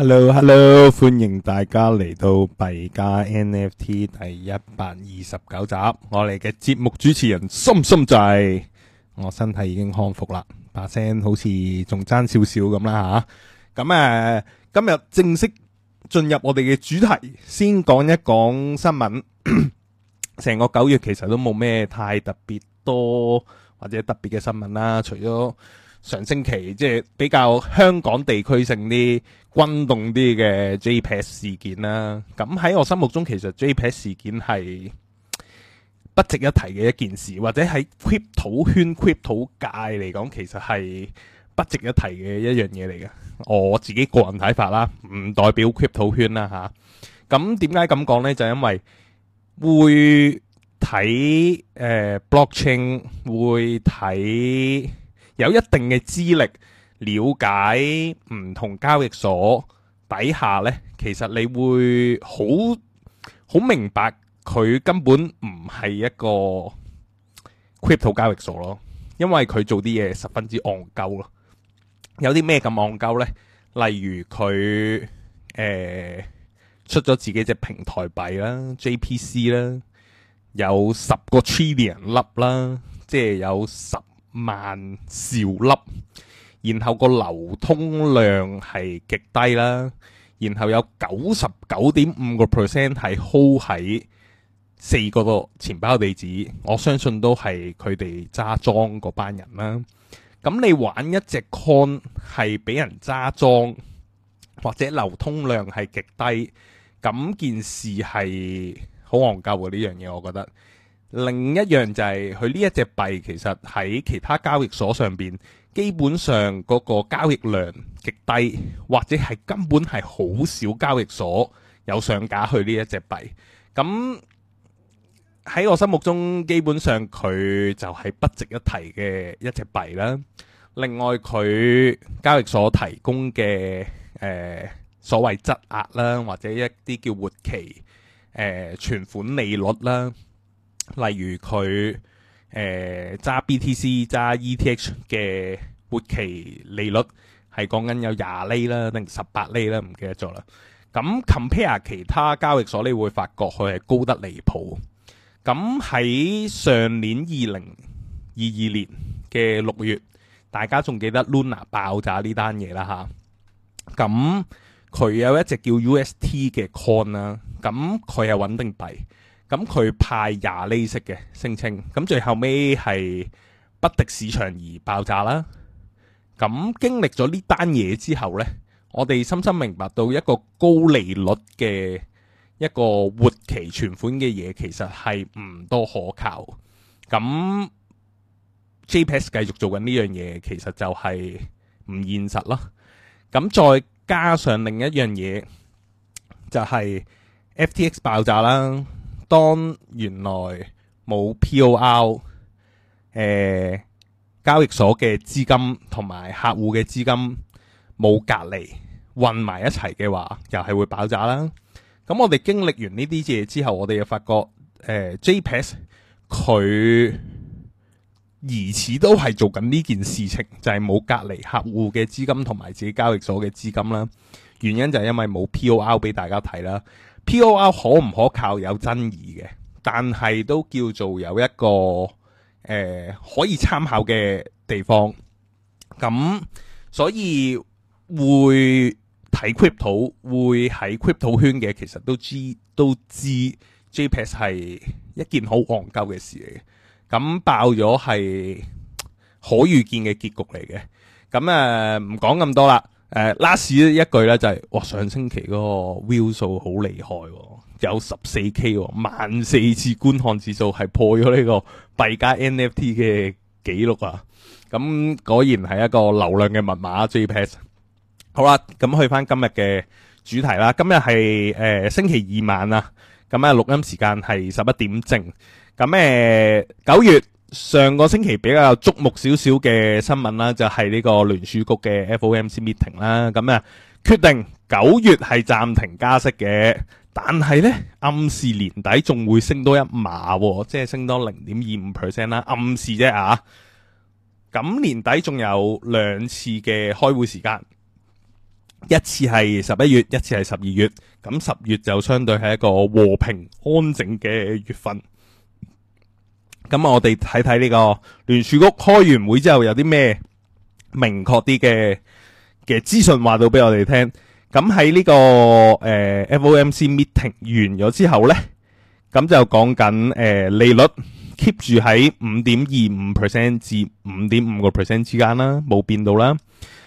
hello hello，歡迎大家嚟到幣加 NFT 第一百二十九集。我哋嘅節目主持人心心仔？我身體已經康復啦，把聲好似仲爭少少咁啦吓。咁、啊、誒，今日正式進入我哋嘅主題，先講一講新聞。成 個九月其實都冇咩太特別多或者特別嘅新聞啦，除咗。上星期即係比較香港地區性啲轟動啲嘅 JPEX 事件啦。咁喺我心目中，其實 JPEX 事件係不值一提嘅一件事，或者喺 Crypto 圈、Crypto 界嚟講，其實係不值一提嘅一樣嘢嚟嘅。我自己個人睇法啦，唔代表 Crypto 圈啦。吓咁點解咁講咧？就係、因為會睇誒、呃、Blockchain 會睇。有一定嘅資歷，了解唔同交易所底下呢，其實你會好好明白佢根本唔係一個 crypto 交易所咯，因為佢做啲嘢十分之戇鳩咯。有啲咩咁戇鳩呢？例如佢誒、呃、出咗自己隻平台幣啦，JPC 啦，PC，有十個 trillion 粒啦，即係有十萬兆粒，然後個流通量係極低啦，然後有九十九點五個 percent 係 hold 喺四個個錢包地址，我相信都係佢哋揸莊嗰班人啦。咁你玩一隻 con 係俾人揸莊，或者流通量係極低，咁件事係好戇鳩嘅呢樣嘢，我覺得。另一樣就係佢呢一隻幣，幣其實喺其他交易所上邊，基本上嗰個交易量極低，或者係根本係好少交易所有上架去呢一隻幣。咁喺我心目中，基本上佢就係不值一提嘅一隻幣啦。另外，佢交易所提供嘅誒、呃、所謂質押啦，或者一啲叫活期誒、呃、存款利率啦。例如佢誒揸 BTC 揸 ETH 嘅活期利率係講緊有廿厘啦，定十八厘啦，唔記得咗啦。咁 compare 其他交易所你會發覺佢係高得離譜。咁喺上年二零二二年嘅六月，大家仲記得 Luna 爆炸呢單嘢啦嚇。咁佢有一隻叫 UST 嘅 coin 啦，咁佢係穩定幣。咁佢派廿厘息嘅聲稱，咁最後尾係不敵市場而爆炸啦。咁經歷咗呢單嘢之後咧，我哋深深明白到一個高利率嘅一個活期存款嘅嘢，其實係唔多可靠。咁 JPEX 繼續做緊呢樣嘢，其實就係唔現實咯。咁再加上另一樣嘢，就係 FTX 爆炸啦。當原來冇 P.O.L. 誒，交易所嘅資金同埋客戶嘅資金冇隔離混埋一齊嘅話，又係會爆炸啦。咁我哋經歷完呢啲嘢之後，我哋又發覺誒、呃、，JPEX 佢疑似都係做緊呢件事情，就係、是、冇隔離客戶嘅資金同埋自己交易所嘅資金啦。原因就係因為冇 P.O.L. 俾大家睇啦。P.O.R 可唔可靠有爭議嘅，但係都叫做有一個誒、呃、可以參考嘅地方。咁所以會睇 crypto 會喺 crypto 圈嘅其實都知都知 JPEX 係一件好戇鳩嘅事嚟嘅。咁爆咗係可預見嘅結局嚟嘅。咁誒唔講咁多啦。誒 last 咧一句咧就係、是，哇上星期嗰個 view 數好厲害、哦，有十四 K 萬、哦、四次觀看指數係破咗呢個幣加 NFT 嘅紀錄啊！咁、嗯、果然係一個流量嘅密碼、啊，JPEX 好啦，咁去返今日嘅主題啦。今日係誒星期二晚啊，咁、嗯、啊錄音時間係十一點正。咁誒九月。上個星期比較矚目少少嘅新聞啦，就係、是、呢個聯儲局嘅 FOMC meeting 啦。咁啊，決定九月係暫停加息嘅，但係呢，暗示年底仲會升多一碼，即係升多零點二五 percent 啦，暗示啫啊。咁年底仲有兩次嘅開會時間，一次係十一月，一次係十二月。咁十月就相對係一個和平安靜嘅月份。咁我哋睇睇呢個聯儲局開完會之後有啲咩明確啲嘅嘅資訊話到俾我哋聽。咁喺呢個誒 FOMC meeting 完咗之後咧，咁就講緊誒利率 keep 住喺五點二五 percent 至五點五個 percent 之間啦，冇變到啦。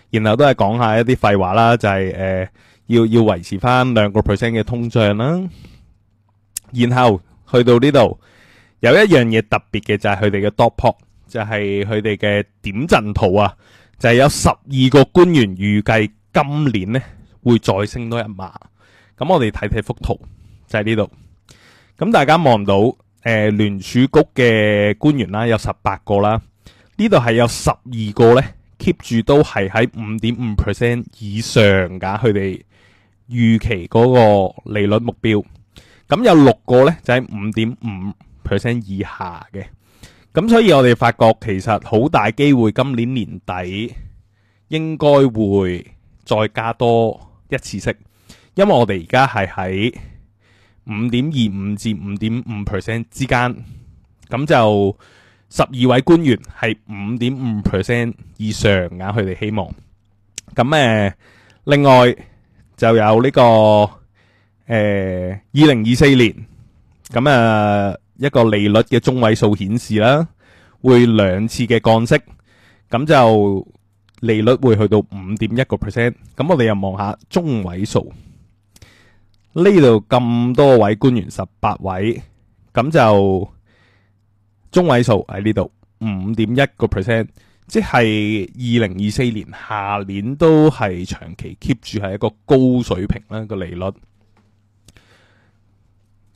然後都係講下一啲廢話啦，就係誒要要維持翻兩個 percent 嘅通脹啦。然後去到呢度。有一樣嘢特別嘅就係佢哋嘅 dot plot 就係佢哋嘅點陣圖啊。就係、是、有十二個官員預計今年咧會再升多一碼。咁我哋睇睇幅圖就喺呢度。咁大家望唔到誒聯儲局嘅官員啦、啊，有十八個啦。個呢度係有十二個咧 keep 住都係喺五點五 percent 以上噶。佢哋預期嗰個利率目標咁有六個咧就喺五點五。percent 以下嘅，咁所以我哋發覺其實好大機會今年年底應該會再加多一次息，因為我哋而家係喺五點二五至五點五 percent 之間，咁就十二位官員係五點五 percent 以上啊，佢哋希望。咁誒、呃，另外就有呢、這個誒二零二四年，咁啊。呃一個利率嘅中位數顯示啦，會兩次嘅降息，咁就利率會去到五點一個 percent。咁我哋又望下中位數，呢度咁多位官員十八位，咁就中位數喺呢度五點一個 percent，即係二零二四年下年都係長期 keep 住係一個高水平啦個利率。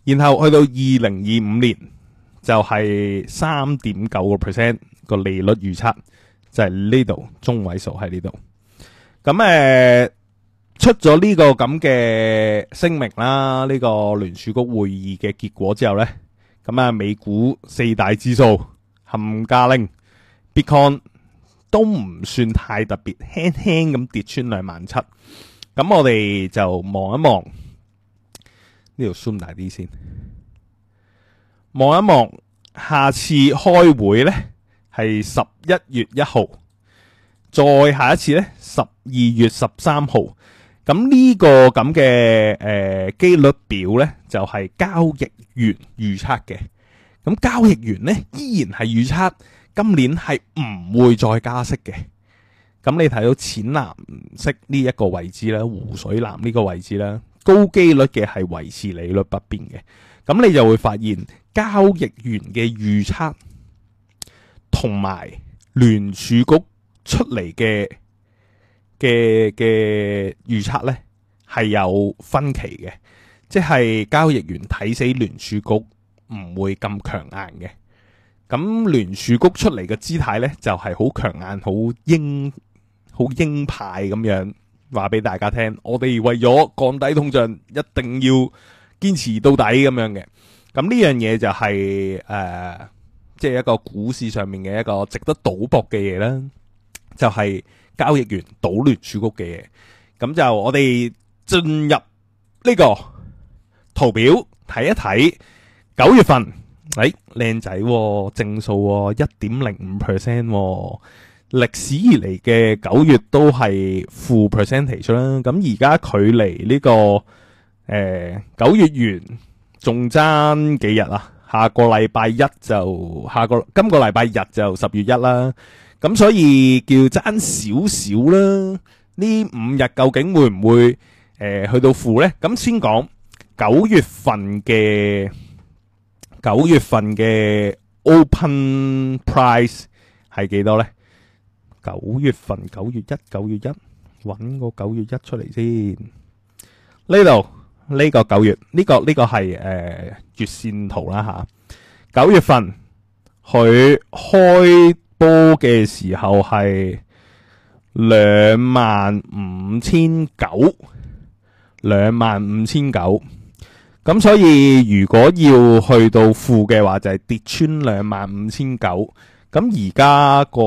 然後去到二零二五年就係三點九個 percent 個利率預測，就係呢度中位數喺呢度。咁誒、呃、出咗呢個咁嘅聲明啦，呢、這個聯儲局會議嘅結果之後呢，咁啊美股四大指數冚家拎，Bitcoin 都唔算太特別，輕輕咁跌穿兩萬七。咁我哋就望一望。呢度縮大啲先，望一望。下次開會呢係十一月一號，再下一次呢十二月十三號。咁呢個咁嘅誒機率表呢，就係、是、交易員預測嘅。咁交易員呢，依然係預測今年係唔會再加息嘅。咁你睇到淺藍色呢一個位置咧，湖水藍呢個位置咧，高機率嘅係維持利率不變嘅，咁你就會發現交易員嘅預測同埋聯儲局出嚟嘅嘅嘅預測呢係有分歧嘅，即係交易員睇死聯儲局唔會咁強硬嘅，咁聯儲局出嚟嘅姿態呢，就係、是、好強硬、好鷹好鷹派咁樣。話俾大家聽，我哋為咗降低通脹，一定要堅持到底咁樣嘅。咁呢樣嘢就係誒，即係一個股市上面嘅一個值得賭博嘅嘢啦。就係交易員賭聯儲局嘅嘢。咁就我哋進入呢個圖表睇一睇九月份。誒，靚仔喎，正數一點零五 percent 喎。歷史以嚟嘅九月都係負 percentage 啦，咁而家距離呢個誒九月完仲爭幾日啊？下個禮拜一就下個今個禮拜日就十月一啦，咁所以叫爭少少啦。呢五日究竟會唔會誒去到負呢？咁先講九月份嘅九月份嘅 open price 係幾多呢？九月份九月一九月一，揾個九月一出嚟先。呢度呢個九月呢、這個呢、這個係誒、呃、月線圖啦吓、啊。九月份佢開波嘅時候係兩萬五千九，兩萬五千九。咁所以如果要去到負嘅話，就係、是、跌穿兩萬五千九。咁而家個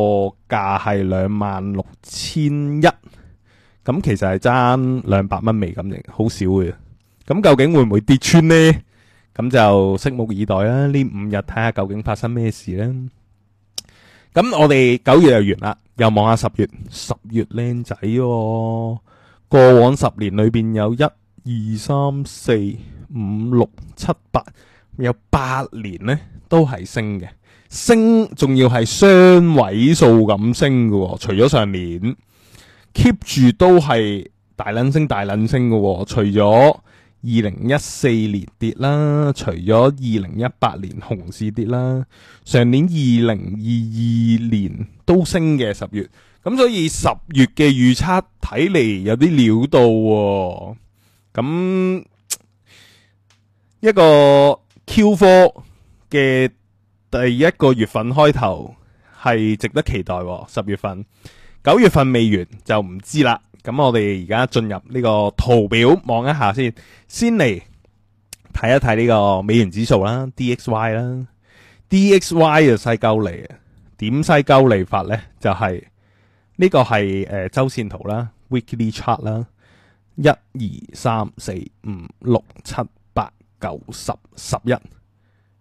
價係兩萬六千一，咁其實係爭兩百蚊尾咁嘅，好少嘅。咁究竟會唔會跌穿呢？咁就拭目以待啦。呢五日睇下究竟發生咩事呢。咁我哋九月又完啦，又望下十月。十月靚仔喎，過往十年裏邊有一二三四五六七八，有八年呢都係升嘅。升仲要係雙位數咁升嘅、哦，除咗上年 keep 住都係大捻升大捻升嘅、哦，除咗二零一四年跌啦，除咗二零一八年熊市跌啦，上年二零二二年都升嘅十月，咁所以十月嘅預測睇嚟有啲料到，咁一個 Q4 嘅。第一個月份開頭係值得期待，哦，十月份，九月份未完就唔知啦。咁我哋而家進入呢個圖表，望一下先。先嚟睇一睇呢個美元指數啦，DXY 啦，DXY 就西鳩利，點西鳩利法咧就係、是、呢個係誒周線圖啦，weekly chart 啦，一二三四五六七八九十十一。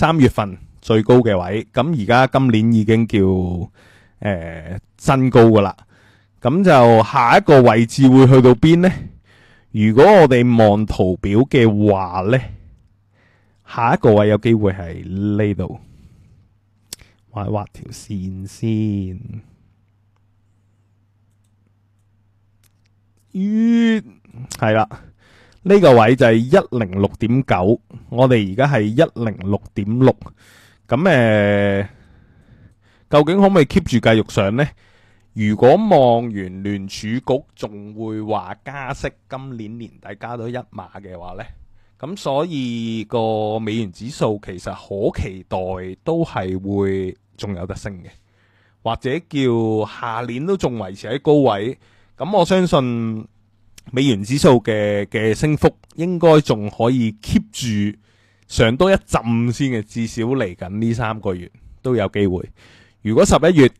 三月份最高嘅位，咁而家今年已經叫誒新高噶啦，咁就下一個位置會去到邊咧？如果我哋望圖表嘅話咧，下一個位有機會係呢度，我係畫條線先，咦係啦。呢個位就係一零六點九，我哋而家係一零六點六，咁誒，究竟可唔可以 keep 住繼續上呢？如果望完聯儲局仲會話加息，今年年底加到一碼嘅話呢，咁所以個美元指數其實可期待都係會仲有得升嘅，或者叫下年都仲維持喺高位，咁我相信。美元指數嘅嘅升幅應該仲可以 keep 住上多一浸先嘅，至少嚟緊呢三個月都有機會。如果十一月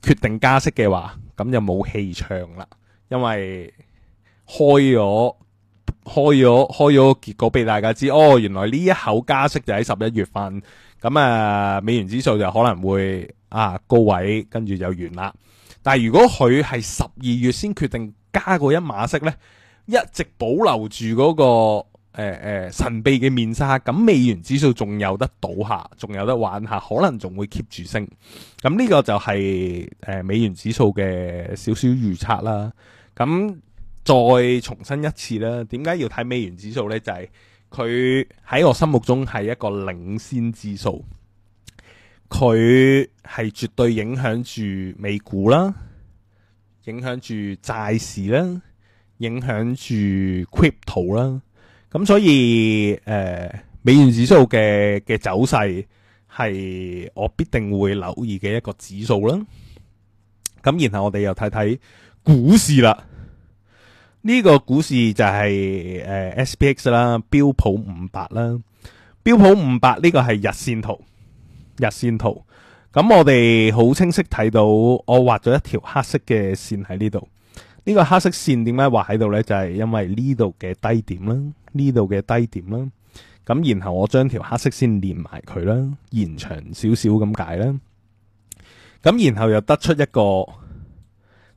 決定加息嘅話，咁就冇戲唱啦，因為開咗開咗開咗結果俾大家知，哦，原來呢一口加息就喺十一月份，咁啊美元指數就可能會啊高位，跟住就完啦。但係如果佢係十二月先決定。加過一碼色咧，一直保留住嗰、那個誒誒、呃呃、神秘嘅面紗，咁美元指數仲有得倒下，仲有得玩下，可能仲會 keep 住升。咁呢個就係誒美元指數嘅少少預測啦。咁再重申一次啦，點解要睇美元指數咧？就係佢喺我心目中係一個領先指數，佢係絕對影響住美股啦。影響住債市啦，影響住 crypto 啦，咁所以誒美元指數嘅嘅走勢係我必定會留意嘅一個指數啦。咁然後我哋又睇睇股市啦，呢、這個股市就係誒 SPX 啦，標普五百啦，標普五百呢個係日線圖，日線圖。咁我哋好清晰睇到，我畫咗一條黑色嘅線喺呢度。呢個黑色線點解畫喺度呢？就係因為呢度嘅低點啦，呢度嘅低點啦。咁然後我將條黑色線連埋佢啦，延長少少咁解啦。咁然後又得出一個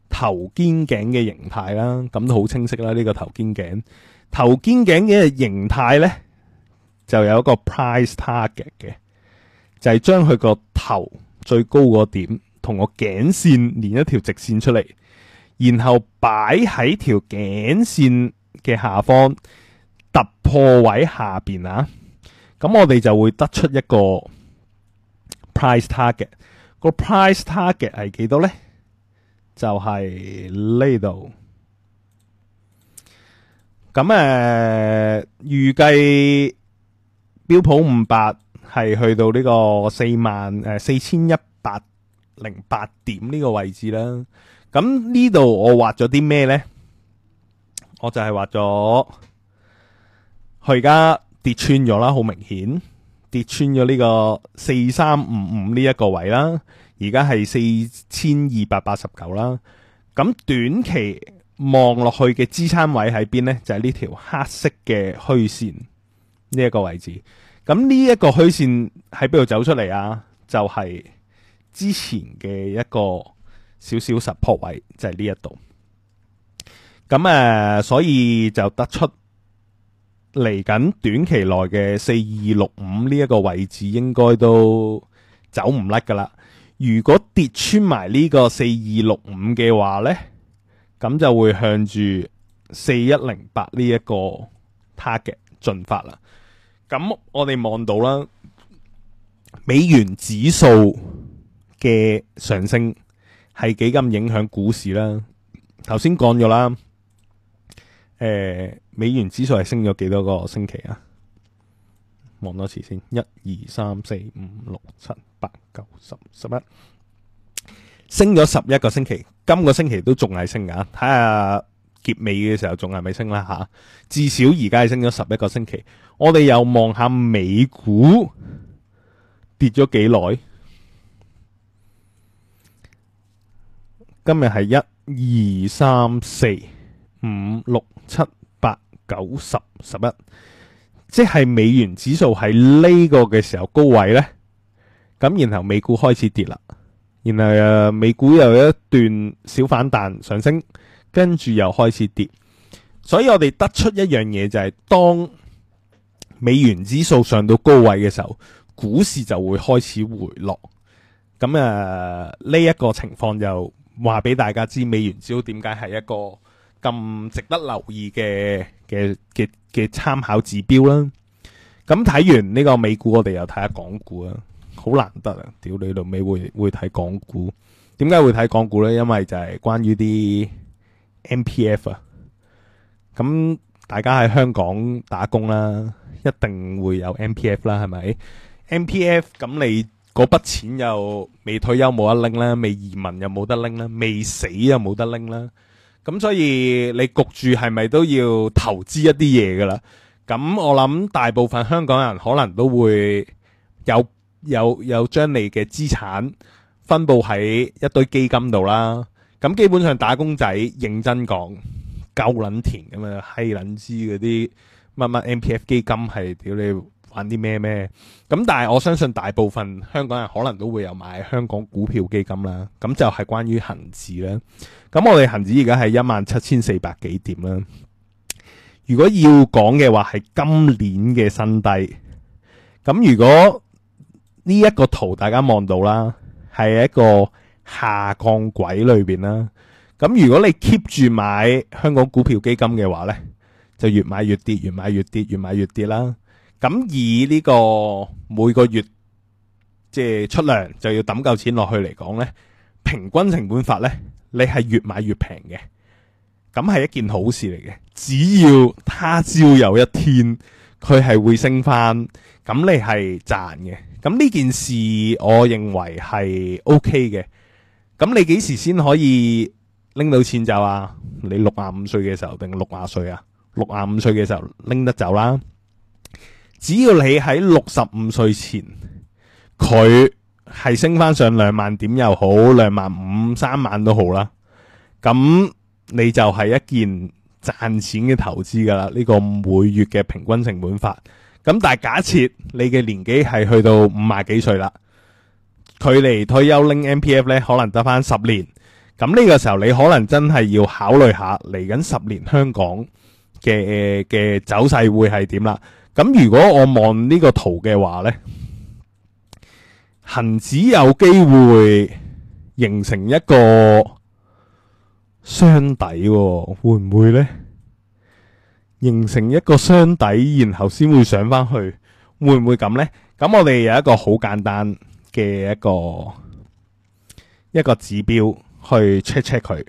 頭肩頸嘅形態啦。咁都好清晰啦。呢個頭肩頸頭肩頸嘅形態呢，就有一個 price target 嘅，就係將佢個頭。最高個點同個頸線連一條直線出嚟，然後擺喺條頸線嘅下方突破位下邊啊，咁我哋就會得出一個 price target。個 price target 係幾多咧？就係呢度。咁誒預計標普五百。係去到呢個四萬誒四千一百零八點呢個位置啦。咁呢度我畫咗啲咩呢？我就係畫咗佢而家跌穿咗啦，好明顯跌穿咗呢個四三五五呢一個位啦。而家係四千二百八十九啦。咁短期望落去嘅支撐位喺邊呢？就係呢條黑色嘅虛線呢一個位置。咁呢一個虛線喺邊度走出嚟啊？就係、是、之前嘅一個少少突破位，就係呢一度。咁誒、啊，所以就得出嚟緊短期內嘅四二六五呢一個位置，應該都走唔甩噶啦。如果跌穿埋呢個四二六五嘅話咧，咁就會向住四一零八呢一個 target 嘅進發啦。咁我哋望到啦，美元指數嘅上升係幾咁影響股市啦。頭先講咗啦，誒、呃，美元指數係升咗幾多個星期啊？望多次先，一二三四五六七八九十十一，升咗十一個星期。今個星期都仲係升㗎！睇下結尾嘅時候仲係咪升啦？吓，至少而家係升咗十一個星期。我哋又望下美股跌咗幾耐？今日係一、二、三、四、五、六、七、八、九、十、十一，即係美元指數喺呢個嘅時候高位呢。咁然後美股開始跌啦，然後誒美股又有一段小反彈上升，跟住又開始跌。所以我哋得出一樣嘢就係當。美元指數上到高位嘅時候，股市就會開始回落。咁誒，呢一個情況就話俾大家知，美元指數點解係一個咁值得留意嘅嘅嘅嘅參考指標啦。咁睇完呢個美股，我哋又睇下港股啊，好難得啊！屌你老味，會會睇港股？點解會睇港股呢？因為就係關於啲 M P F 啊。咁大家喺香港打工啦。一定會有 MPF 啦，係咪？MPF，咁你嗰筆錢又未退休冇得拎啦，未移民又冇得拎啦，未死又冇得拎啦。咁所以你焗住係咪都要投資一啲嘢㗎啦？咁我諗大部分香港人可能都會有有有將你嘅資產分佈喺一堆基金度啦。咁基本上打工仔認真講，夠撚田咁樣，閪撚知嗰啲。乜乜 MPF 基金係屌你玩啲咩咩？咁但係我相信大部分香港人可能都會有買香港股票基金啦。咁就係關於恒指啦。咁我哋恒指而家係一萬七千四百幾點啦？如果要講嘅話係今年嘅新低。咁如果呢一個圖大家望到啦，係一個下降軌裏邊啦。咁如果你 keep 住買香港股票基金嘅話呢？就越買越跌，越買越跌，越買越跌啦。咁以呢個每個月即係出糧就要抌夠錢落去嚟講呢，平均成本法呢，你係越買越平嘅。咁係一件好事嚟嘅。只要他朝有一天佢係會升翻，咁你係賺嘅。咁呢件事我認為係 OK 嘅。咁你幾時先可以拎到錢就啊？你六十五歲嘅時候定六十歲啊？六十五歲嘅時候拎得走啦。只要你喺六十五歲前，佢係升翻上兩萬點又好，兩萬五、三萬都好啦。咁你就係一件賺錢嘅投資噶啦。呢個每月嘅平均成本法。咁但係假設你嘅年紀係去到五廿幾歲啦，距離退休拎 M P F 呢可能得翻十年。咁呢個時候你可能真係要考慮下嚟緊十年香港嘅嘅走勢會係點啦？咁如果我望呢個圖嘅話咧，恒指有機會形成一個雙底。哦，會唔會咧？形成一個雙底，然後先會上翻去，會唔會咁咧？咁我哋有一個好簡單嘅一個一個指標去 check check 佢。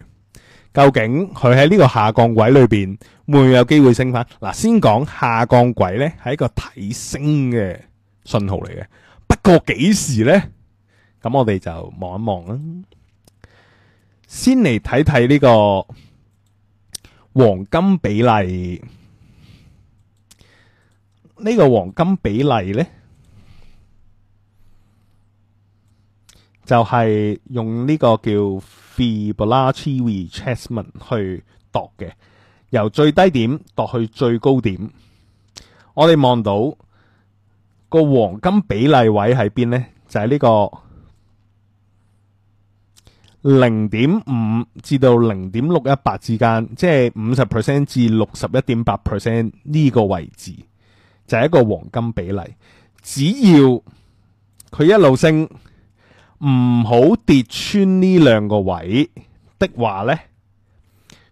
究竟佢喺呢個下降軌裏邊會唔會有機會升翻？嗱，先講下降軌咧，係一個睇升嘅信號嚟嘅。不過幾時咧？咁我哋就望一望啦。先嚟睇睇呢個黃金比例，呢個黃金比例咧，就係用呢個叫。Vibratory c h e s s m 撤 n 去度嘅，由最低點度,度去最高點。我哋望到個黃金比例位喺邊呢？就喺、是、呢、這個零點五至到零點六一八之間，即係五十 percent 至六十一點八 percent 呢個位置，就係、是、一個黃金比例。只要佢一路升。唔好跌穿呢兩個位的話呢，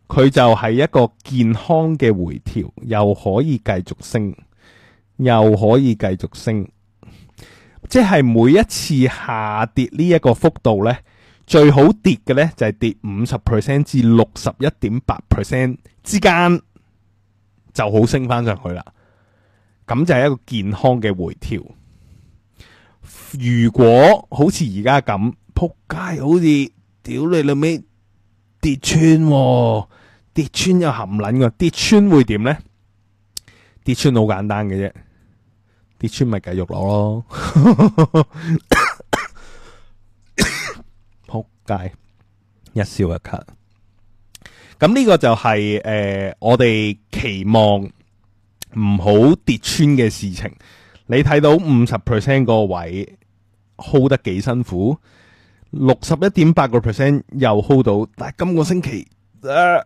佢就係一個健康嘅回調，又可以繼續升，又可以繼續升。即係每一次下跌呢一個幅度咧，最好跌嘅咧就係跌五十 percent 至六十一點八 percent 之間，就好升翻上去啦。咁就係一個健康嘅回調。如果好似而家咁撲街好，好似屌你老味跌穿，啊，跌穿又含撚噶，跌穿會點咧？跌穿好簡單嘅啫，跌穿咪繼續攞咯。撲 街，一笑一咳。咁呢個就係、是、誒、呃，我哋期望唔好跌穿嘅事情。你睇到五十 percent 個位 hold 得幾辛苦？六十一點八個 percent 又 hold 到，但係今個星期誒、啊，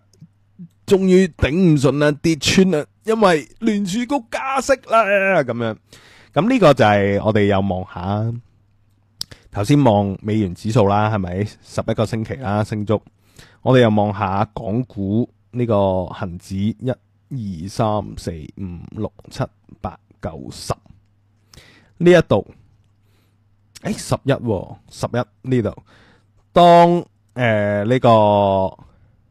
終於頂唔順啦，跌穿啦，因為聯儲局加息啦，咁樣，咁呢個就係我哋又望下頭先望美元指數啦，係咪十一個星期啦？、啊、升足？我哋又望下港股呢個恒指一、二、三、四、五、六、七、八、九、十。呢、欸、一度，誒，十一，十一呢度，當誒呢、呃這個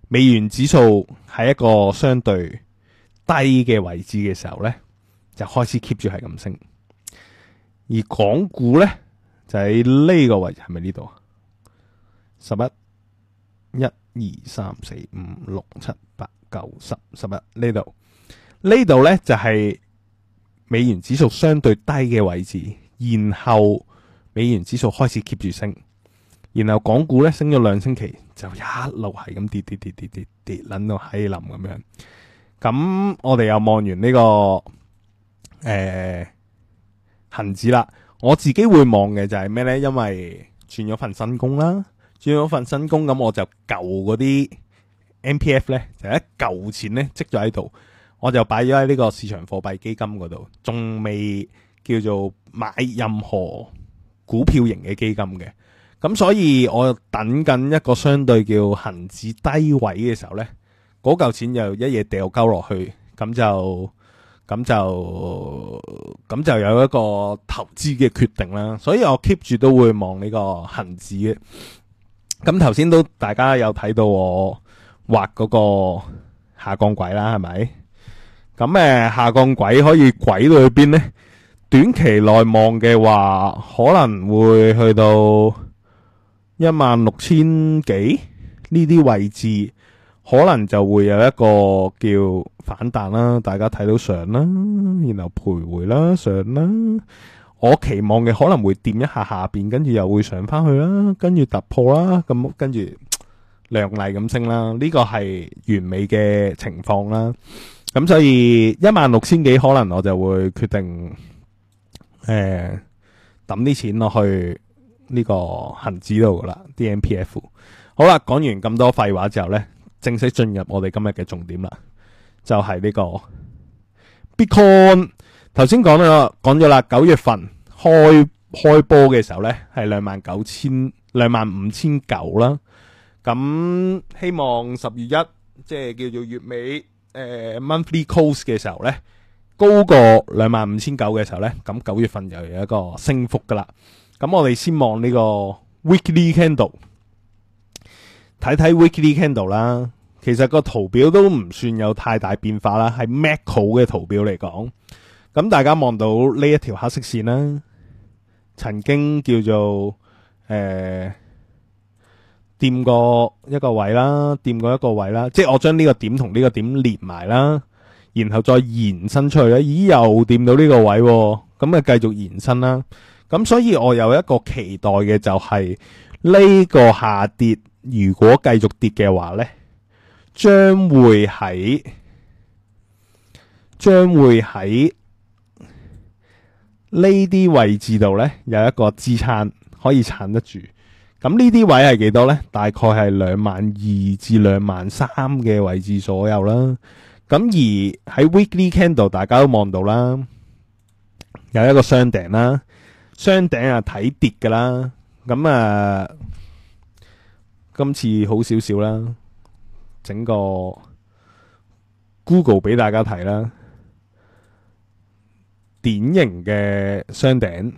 美元指數喺一個相對低嘅位置嘅時候咧，就開始 keep 住係咁升，而港股咧就喺、是、呢個位置，係咪呢度啊？十一，一二三四五六七八九十，十一呢度，呢度咧就係、是。美元指數相對低嘅位置，然後美元指數開始 keep 住升，然後港股咧升咗兩星期，就一路係咁跌跌跌跌跌跌，捻跌跌跌跌跌到喺林咁樣、樣。咁我哋又望完呢、這個誒、欸、恒指啦，我自己會望嘅就係咩咧？因為轉咗份新工啦，轉咗份新工咁我就舊嗰啲 MPF 咧就一舊錢咧積咗喺度。我就擺咗喺呢個市場貨幣基金嗰度，仲未叫做買任何股票型嘅基金嘅。咁所以我等緊一個相對叫恒指低位嘅時候呢，嗰嚿錢又一嘢掉交落去，咁就，咁就，咁就，就有一個投資嘅決定啦。所以我 keep 住都會望呢個恒指嘅。咁頭先都大家有睇到我畫嗰個下降軌啦，係咪？咁誒，下降軌可以軌到去邊呢？短期內望嘅話，可能會去到一萬六千幾呢啲位置，可能就會有一個叫反彈啦。大家睇到上啦，然後徘徊啦，上啦。我期望嘅可能會掂一下下邊，跟住又會上翻去啦，跟住突破啦，咁跟住凌厲咁升啦。呢個係完美嘅情況啦。咁所以一萬六千幾可能我就會決定誒抌啲錢落去呢個恒指度啦，D M P F。好啦，講完咁多廢話之後咧，正式進入我哋今日嘅重點啦，就係、是、呢、呢個 Bitcoin。頭先講咗，講咗啦，九月份開開波嘅時候咧係兩萬九千兩萬五千九啦。咁希望十月一即係叫做月尾。誒 monthly close 嘅時候咧，高過兩萬五千九嘅時候咧，咁九月份就有一個升幅噶啦。咁我哋先望呢個 weekly candle，睇睇 weekly candle 啦。其實個圖表都唔算有太大變化啦，係 MACD 嘅圖表嚟講。咁大家望到呢一條黑色線啦，曾經叫做誒。掂過一個位啦，掂過一個位啦，即係我將呢個點同呢個點連埋啦，然後再延伸出去咧，咦又掂到呢個位喎，咁啊繼續延伸啦。咁所以我有一個期待嘅就係呢個下跌，如果繼續跌嘅話呢，將會喺將會喺呢啲位置度呢，有一個支撐可以撐得住。咁呢啲位係幾多咧？大概係兩萬二至兩萬三嘅位置左右啦。咁而喺 weekly candle 大家都望到啦，有一個雙頂啦。雙頂啊睇跌噶啦。咁啊，今次好少少啦。整個 Google 俾大家睇啦，典型嘅雙頂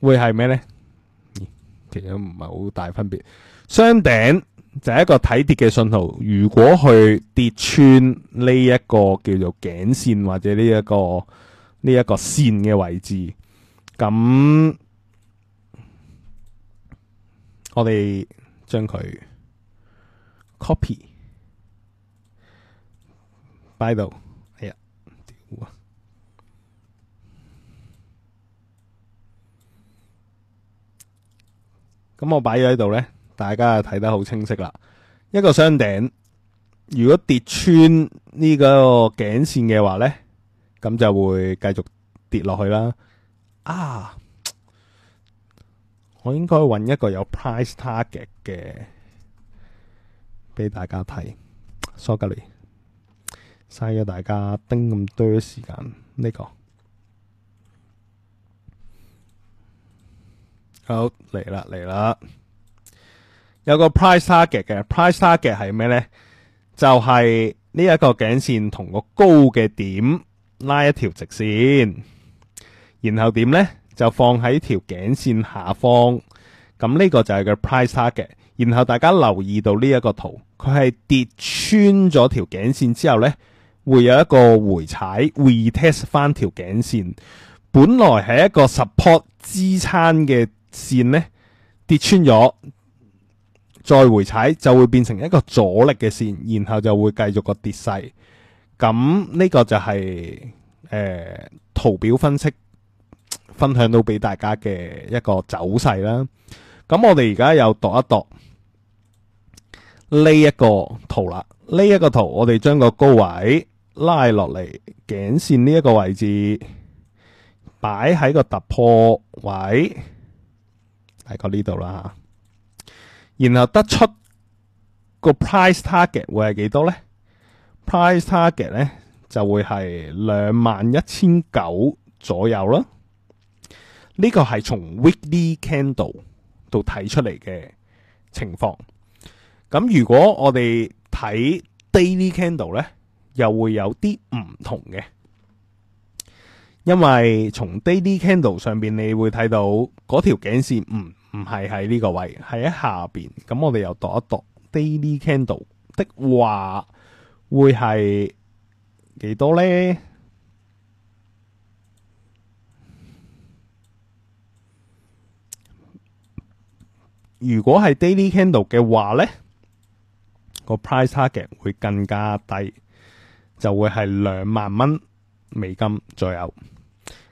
會係咩咧？其實唔係好大分別，雙頂就係一個睇跌嘅信號。如果去跌穿呢一個叫做頸線或者呢一個呢一個線嘅位置，咁我哋將佢 copy 擺到，哎呀，咁我擺咗喺度咧，大家就睇得好清晰啦。一個箱頂，如果跌穿呢個頸線嘅話咧，咁就會繼續跌落去啦。啊，我應該揾一個有 price target 嘅，俾大家睇。sorry，嘥咗大家盯咁多時間，呢個。好嚟啦嚟啦，有個 price target price target 嘅 price target 係咩呢？就係呢一個頸線同個高嘅點拉一條直線，然後點呢？就放喺條頸線下方。咁、這、呢個就係個 price target。然後大家留意到呢一個圖，佢係跌穿咗條頸線之後呢，會有一個回踩，retest 翻條頸線。本來係一個 support 支撐嘅。線呢，跌穿咗，再回踩就會變成一個阻力嘅線，然後就會繼續個跌勢。咁呢、這個就係、是、誒、呃、圖表分析分享到俾大家嘅一個走勢啦。咁我哋而家又度一度呢一個圖啦。呢、這、一個圖我哋將個高位拉落嚟頸線呢一個位置擺喺個突破位，大概呢度啦，吓，然後得出個 price target 會係幾多咧？price target 咧就會係兩萬一千九左右啦。呢個係從 weekly candle 度睇出嚟嘅情況。咁如果我哋睇 daily candle 咧，又會有啲唔同嘅，因為從 daily candle 上邊你會睇到嗰條頸線，嗯。唔係喺呢個位，係喺下邊。咁我哋又度一度 daily candle 的話，會係幾多咧？如果係 daily candle 嘅話咧，個 price target 會更加低，就會係兩萬蚊美金左右。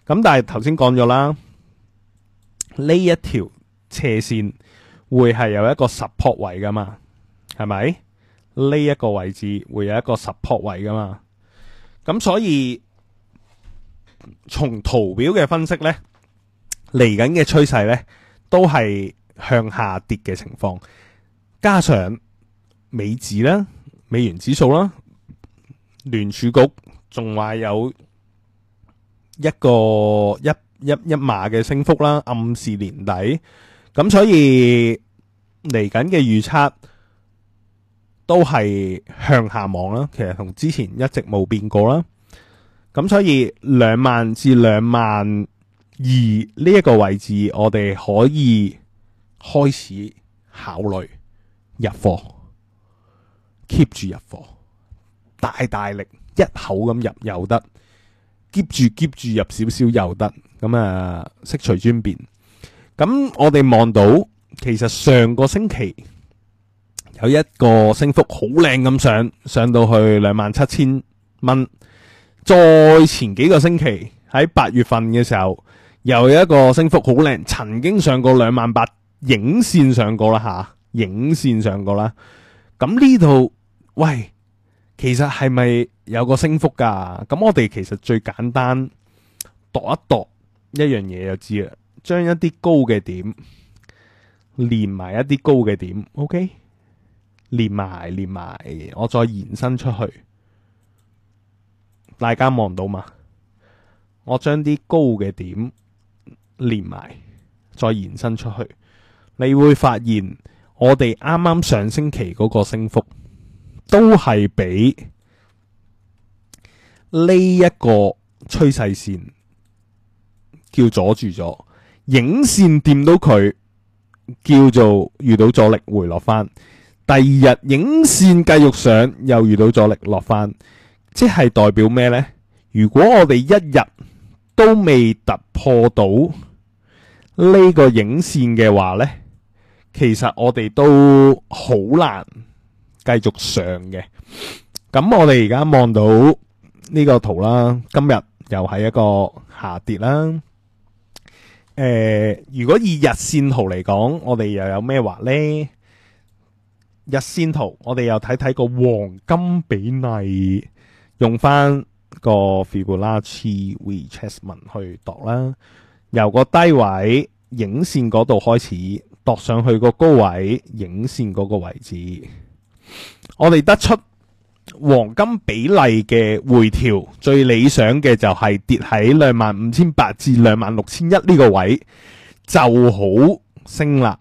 咁但係頭先講咗啦，呢一條斜線會係有一個 support 位㗎嘛，係咪？呢一個位置會有一個 support 位㗎嘛？咁所以從圖表嘅分析咧，嚟緊嘅趨勢咧，都係向下跌嘅情況。加上美指啦、美元指數啦、聯儲局仲話有一個一一一碼嘅升幅啦，暗示年底。咁所以嚟緊嘅預測都係向下望啦，其實同之前一直冇變過啦。咁所以兩萬至兩萬二呢一個位置，我哋可以開始考慮入貨，keep 住入貨，大大力一口咁入又得，keep 住 keep 住入少少又得，咁啊悉隨尊便。識咁我哋望到，其實上個星期有一個升幅好靚咁上，上到去兩萬七千蚊。再前幾個星期喺八月份嘅時候，又有一個升幅好靚，曾經上過兩萬八，影線上過啦吓，影線上過啦。咁呢度，喂，其實係咪有個升幅噶？咁我哋其實最簡單度一度一樣嘢，就知啦。將一啲高嘅點連埋一啲高嘅點，OK，連埋連埋，我再延伸出去，大家望到嘛？我將啲高嘅點連埋，再延伸出去，你會發現我哋啱啱上星期嗰個升幅都係俾呢一個趨勢線叫阻住咗。影線掂到佢，叫做遇到阻力回落翻。第二日影線繼續上又遇到阻力落翻，即係代表咩呢？如果我哋一日都未突破到呢個影線嘅話呢，其實我哋都好難繼續上嘅。咁我哋而家望到呢個圖啦，今日又係一個下跌啦。誒、呃，如果以日線圖嚟講，我哋又有咩話咧？日線圖，我哋又睇睇個黃金比例，用翻個 Fibonacci retracement 去度啦。由個低位影線度開始度上去個高位影線個位置，我哋得出。黃金比例嘅回調最理想嘅就係跌喺兩萬五千八至兩萬六千一呢個位就好升啦，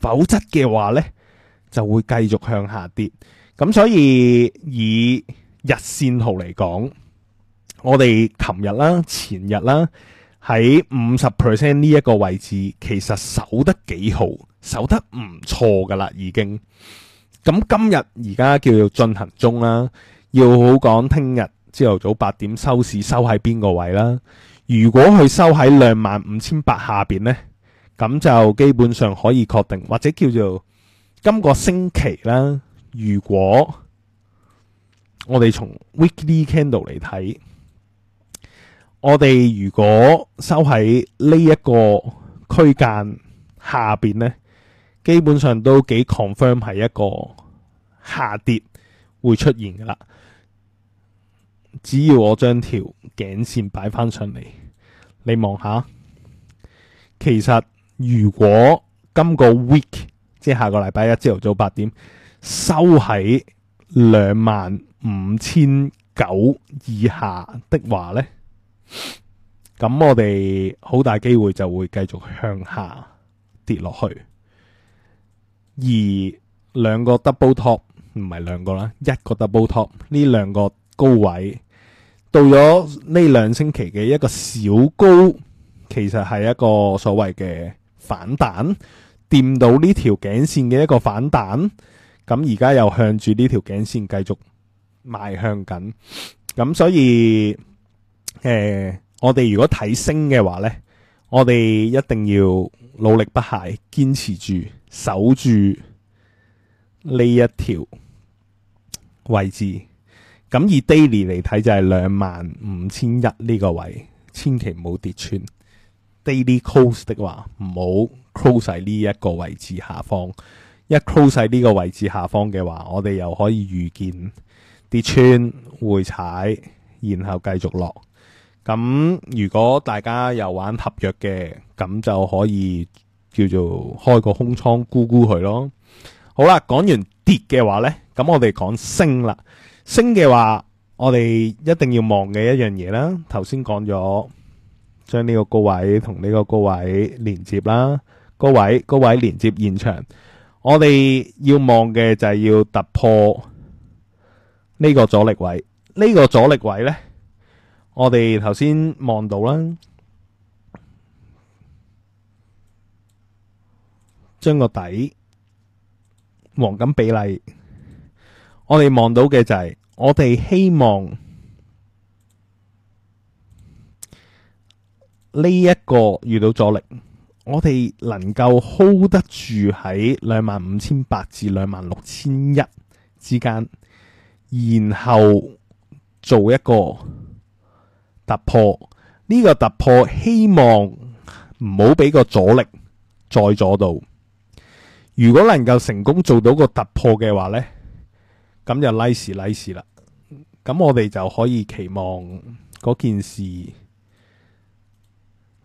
否則嘅話呢就會繼續向下跌。咁所以以日線圖嚟講，我哋琴日啦、前日啦喺五十 percent 呢一個位置，其實守得幾好，守得唔錯噶啦，已經。咁今日而家叫做進行中啦，要好講聽日朝頭早八點收市收喺邊個位啦？如果佢收喺兩萬五千八下邊呢，咁就基本上可以確定，或者叫做今個星期啦。如果我哋從 weekly candle 嚟睇，我哋如果收喺呢一個區間下邊呢。基本上都幾 confirm 係一個下跌會出現噶啦。只要我將條頸線擺翻上嚟，你望下。其實如果今個 week 即係下個禮拜一朝頭早八點收喺兩萬五千九以下的話咧，咁我哋好大機會就會繼續向下跌落去。而兩個 double top 唔係兩個啦，一個 double top 呢兩個高位到咗呢兩星期嘅一個小高，其實係一個所謂嘅反彈，掂到呢條頸線嘅一個反彈，咁而家又向住呢條頸線繼續邁向緊，咁所以誒、呃，我哋如果睇升嘅話，呢我哋一定要。努力不懈，堅持住，守住呢一條位置。咁以 daily 嚟睇就係兩萬五千一呢個位，千祈唔好跌穿。daily close 的話，唔好 close 喺呢一個位置下方。一 close 喺呢個位置下方嘅話，我哋又可以預見跌穿回踩，然後繼續落。咁如果大家又玩合約嘅，咁就可以叫做開個空倉沽沽佢咯。好啦，講完跌嘅話呢，咁我哋講升啦。升嘅話，我哋一定要望嘅一樣嘢啦。頭先講咗，將呢個高位同呢個高位連接啦，高位高位連接延長。我哋要望嘅就係要突破呢個阻力位，呢個阻力位呢。我哋頭先望到啦，將個底黃金比例，我哋望到嘅就係、是、我哋希望呢一、這個遇到阻力，我哋能夠 hold 得住喺兩萬五千八至兩萬六千一之間，然後做一個。突破呢、這個突破，希望唔好俾個阻力再阻到。如果能夠成功做到個突破嘅話呢，咁就 nice nice 啦。咁我哋就可以期望嗰件事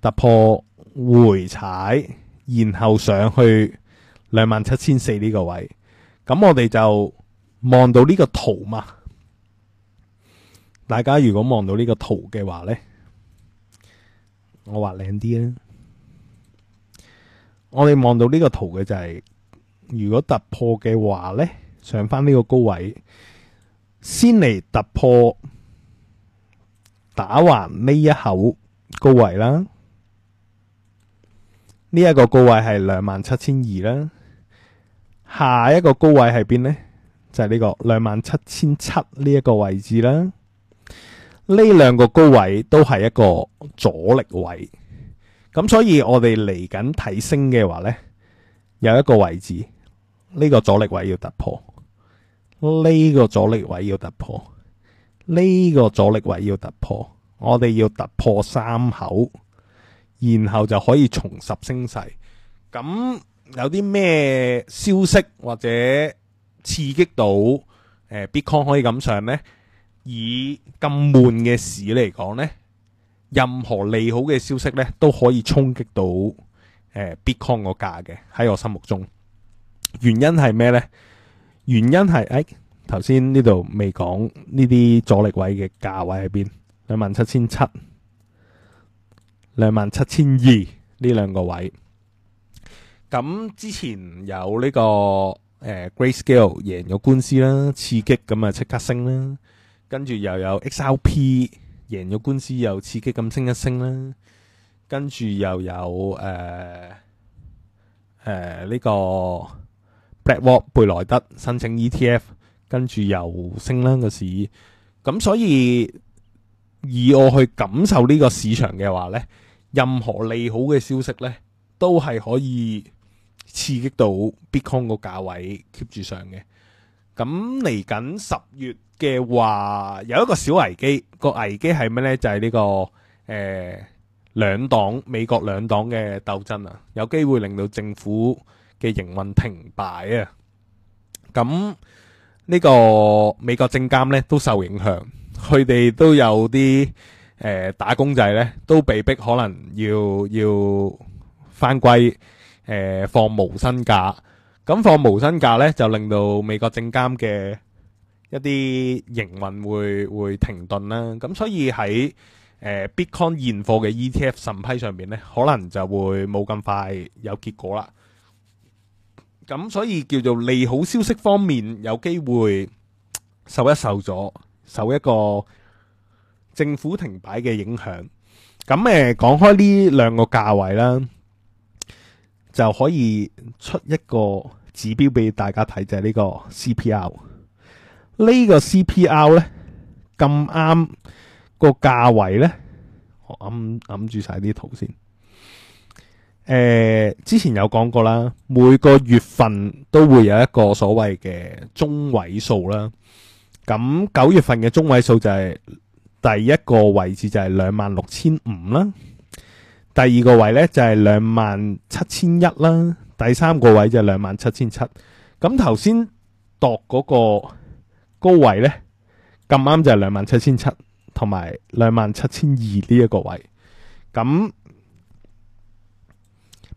突破回踩，然後上去兩萬七千四呢個位。咁我哋就望到呢個圖嘛。大家如果望到呢個圖嘅話咧，我畫靚啲啦。我哋望到呢個圖嘅就係、是，如果突破嘅話咧，上翻呢個高位，先嚟突破打橫呢一口高位啦。呢、這、一個高位係兩萬七千二啦，下一個高位喺邊咧？就係、是、呢、這個兩萬七千七呢一個位置啦。呢兩個高位都係一個阻力位，咁所以我哋嚟緊睇升嘅話咧，有一個位置，呢個阻力位要突破，呢個阻力位要突破，呢個阻力位要突破，我哋要突破三口，然後就可以重拾升勢。咁有啲咩消息或者刺激到誒、呃、Bitcoin 可以咁上咧？以咁悶嘅市嚟講呢，任何利好嘅消息咧，都可以衝擊到誒、呃、Bitcoin 個價嘅。喺我心目中，原因係咩呢？原因係誒，頭先呢度未講呢啲阻力位嘅價位喺邊，兩萬七千七、兩萬七千二呢兩個位。咁之前有呢、這個誒、呃、Grayscale 贏咗官司啦，刺激咁啊，即刻升啦。跟住又有 XRP 贏咗官司，又刺激咁升一升啦，跟住又有誒誒呢個 BlackRock 貝萊德申請 ETF，跟住又升啦個市，咁所以以我去感受呢個市場嘅話咧，任何利好嘅消息咧，都係可以刺激到 Bitcoin 個價位 keep 住上嘅。咁嚟緊十月嘅話有一個小危機，個危機係咩呢？就係呢個誒兩黨美國兩黨嘅鬥爭啊，有機會令到政府嘅營運停擺啊。咁呢個美國證監呢都受影響，佢哋都有啲誒打工仔呢都被逼可能要要返歸誒放無薪假，咁放無薪假呢就令到美國證監嘅。一啲營運會會停頓啦，咁所以喺誒、呃、Bitcoin 現貨嘅 ETF 審批上面咧，可能就會冇咁快有結果啦。咁所以叫做利好消息方面有機會受一受咗，受一個政府停擺嘅影響。咁誒、呃、講開呢兩個價位啦，就可以出一個指標俾大家睇，就係、是、呢個 CPR。呢個 C P R 咧咁啱個價位咧，我揞揞住晒啲圖先。誒，之前有講過啦，每個月份都會有一個所謂嘅中位數啦。咁九月份嘅中位數就係第一個位置就係兩萬六千五啦，第二個位咧就係兩萬七千一啦，第三個位就係兩萬七千七。咁頭先度嗰個。高位呢，咁啱就係兩萬七千七同埋兩萬七千二呢一個位，咁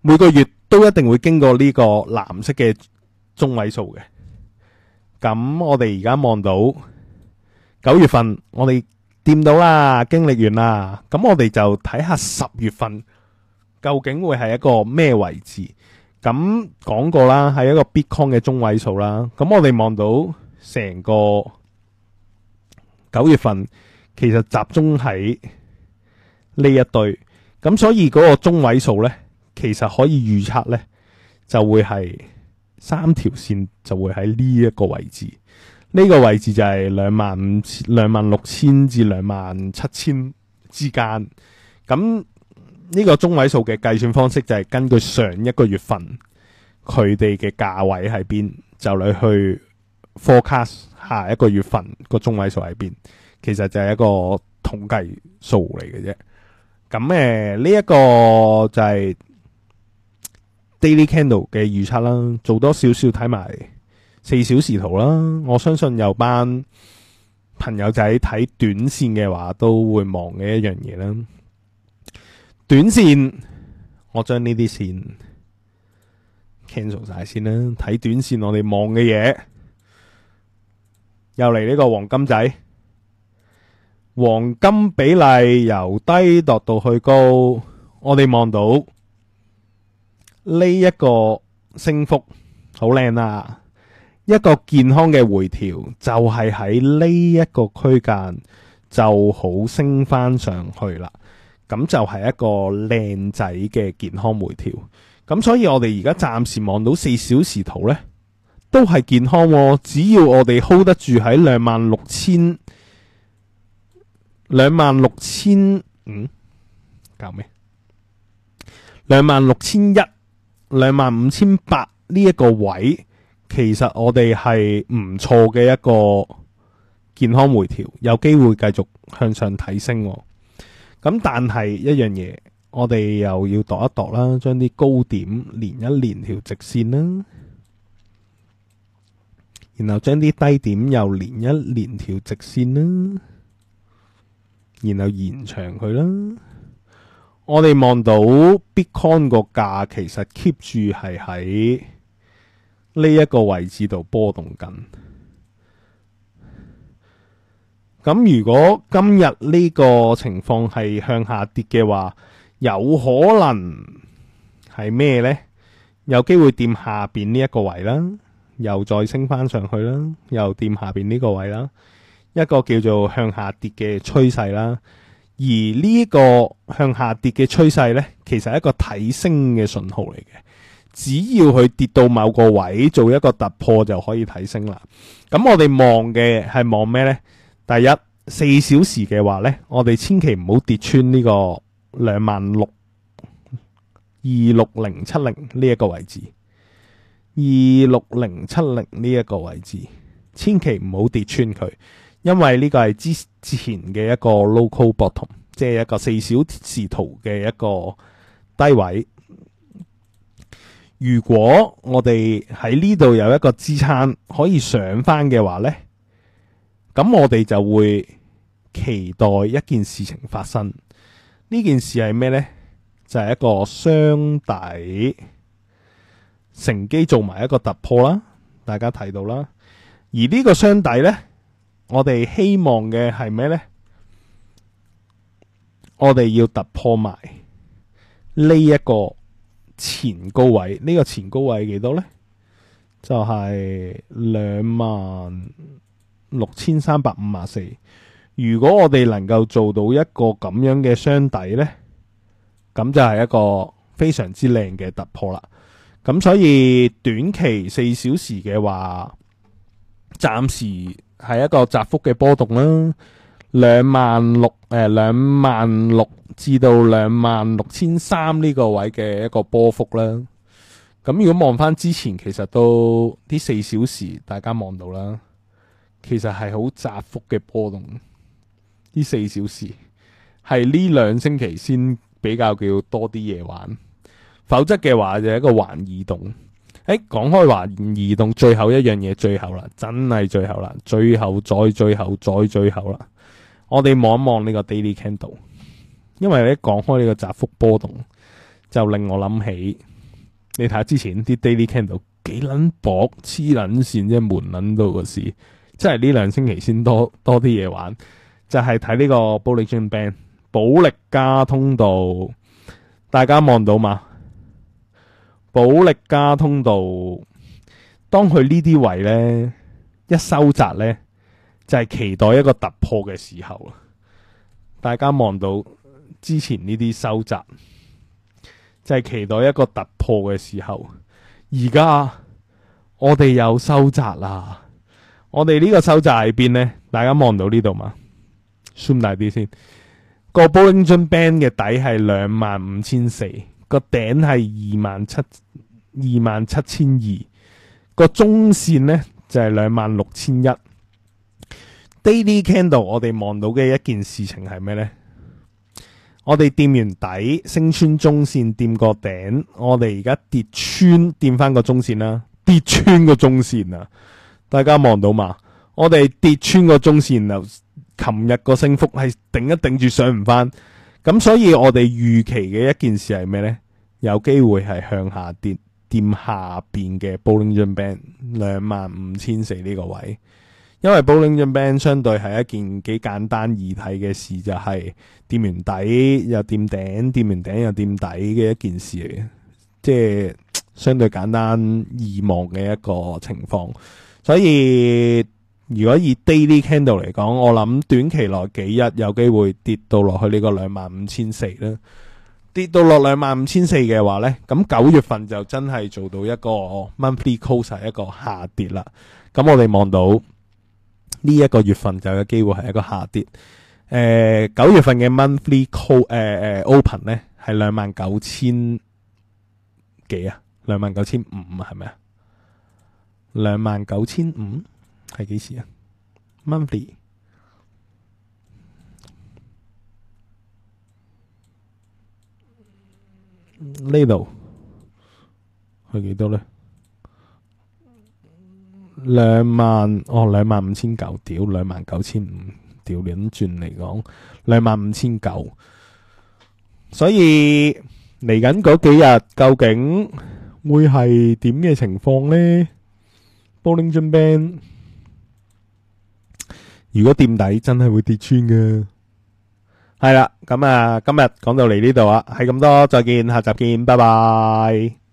每個月都一定會經過呢個藍色嘅中位數嘅。咁我哋而家望到九月份，我哋掂到啦，經歷完啦，咁我哋就睇下十月份究竟會係一個咩位置。咁講過啦，係一個 Bitcoin 嘅中位數啦。咁我哋望到。成個九月份其實集中喺呢一對，咁所以嗰個中位數呢，其實可以預測呢就會係三條線就會喺呢一個位置，呢個位置就係兩萬五千、兩萬六千至兩萬七千之間。咁呢個中位數嘅計算方式就係根據上一個月份佢哋嘅價位喺邊就嚟去。Forecast 下一個月份個中位數喺邊，其實就係一個統計數嚟嘅啫。咁誒呢一個就係 daily candle 嘅預測啦，做多少少睇埋四小時圖啦。我相信有班朋友仔睇短線嘅話，都會望嘅一樣嘢啦。短線，我將呢啲線 cancel 晒先啦。睇短線我，我哋望嘅嘢。又嚟呢個黃金仔，黃金比例由低落到去高，我哋望到呢一個升幅好靚啦，一個健康嘅回調就係喺呢一個區間就好升翻上去啦，咁就係一個靚仔嘅健康回調。咁所以我哋而家暫時望到四小時圖呢。都係健康、啊，只要我哋 hold 得住喺兩萬六千、兩萬六千五，搞咩？兩萬六千一、兩萬五千八呢一個位，其實我哋係唔錯嘅一個健康回調，有機會繼續向上提升、啊。咁但係一樣嘢，我哋又要度一度啦，將啲高點連一連條直線啦。然後將啲低點又連一連條直線啦，然後延長佢啦。我哋望到 Bitcoin 個價其實 keep 住係喺呢一個位置度波動緊。咁如果今日呢個情況係向下跌嘅話，有可能係咩呢？有機會掂下邊呢一個位啦。又再升翻上去啦，又掂下邊呢個位啦，一個叫做向下跌嘅趨勢啦。而呢個向下跌嘅趨勢咧，其實係一個睇升嘅信號嚟嘅。只要佢跌到某個位做一個突破就可以睇升啦。咁我哋望嘅係望咩咧？第一，四小時嘅話咧，我哋千祈唔好跌穿呢個兩萬六二六零七零呢一個位置。二六零七零呢一個位置，千祈唔好跌穿佢，因為呢個係之前嘅一個 local bottom，即係一個四小時圖嘅一個低位。如果我哋喺呢度有一個支撐可以上翻嘅話呢，咁我哋就會期待一件事情發生。呢件事係咩呢？就係、是、一個雙底。乘機做埋一個突破啦，大家睇到啦。而呢個箱底咧，我哋希望嘅係咩咧？我哋要突破埋呢一個前高位，呢、呢個前高位係幾多咧？就係兩萬六千三百五十四。如果我哋能夠做到一個咁樣嘅箱底咧，咁就係一個非常之靚嘅突破啦。咁所以短期四小時嘅話，暫時係一個窄幅嘅波動啦，兩萬六，誒，兩萬六至到兩萬六千三呢個位嘅一個波幅啦。咁如果望翻之前，其實都呢四小時大家望到啦，其實係好窄幅嘅波動。呢四小時係呢兩星期先比較叫多啲嘢玩。否則嘅話就係一個橫移動。誒、欸，講開橫移動，最後一樣嘢，最後啦，真係最後啦，最後再最後再最後啦。我哋望一望呢個 daily candle，因為一講開呢個窄幅波動，就令我諗起你睇下之前啲 daily candle 幾撚薄，黐撚線，即係悶撚到個事。即係呢兩星期先多多啲嘢玩，就係睇呢個 Bollinger band，保力加通道，大家望到嘛？保力加通道，當佢呢啲位咧一收窄咧，就係期待一個突破嘅時候。大家望到之前呢啲收窄，就係期待一個突破嘅時候。而家我哋有收窄啦，我哋呢個收窄喺邊咧？大家望到呢度嘛？Zoom 大啲先，個 Bollinger Band 嘅底係兩萬五千四。個頂係二萬七二萬七千二，個中線呢就係兩萬六千一。Daily candle 我哋望到嘅一件事情係咩呢？我哋掂完底升穿中線，掂個頂，我哋而家跌穿掂翻個中線啦，跌穿個中線啦。大家望到嘛？我哋跌穿個中線啦，琴日個升幅係頂一頂住上唔翻。咁所以我哋預期嘅一件事係咩咧？有機會係向下跌，掂下邊嘅 Bollinger Band 兩萬五千四呢個位，因為 Bollinger Band 相對係一件幾簡單易睇嘅事，就係、是、掂完底又掂頂，掂完頂又掂底嘅一件事嚟嘅，即係相對簡單易望嘅一個情況，所以。如果以 daily candle 嚟講，我諗短期內幾日有機會跌到落去呢個兩萬五千四啦。跌到落兩萬五千四嘅話咧，咁九月份就真係做到一個 monthly close 係一個下跌啦。咁我哋望到呢一個月份就有機會係一個下跌。誒、呃，九月份嘅 monthly c o、呃、誒誒 open 咧，係兩萬九千幾啊，兩萬九千五係咪啊？兩萬九千五。係幾時啊？monthly 呢度係幾多咧？兩萬哦，兩萬五千九，屌兩萬九千五，屌咁轉嚟講，兩萬五千九。所以嚟緊嗰幾日究竟會係點嘅情況呢？Boiling Jun Ban。如果店底真係會跌穿嘅，係啦，咁 啊，今日講到嚟呢度啊，係咁多，再見，下集見，拜拜。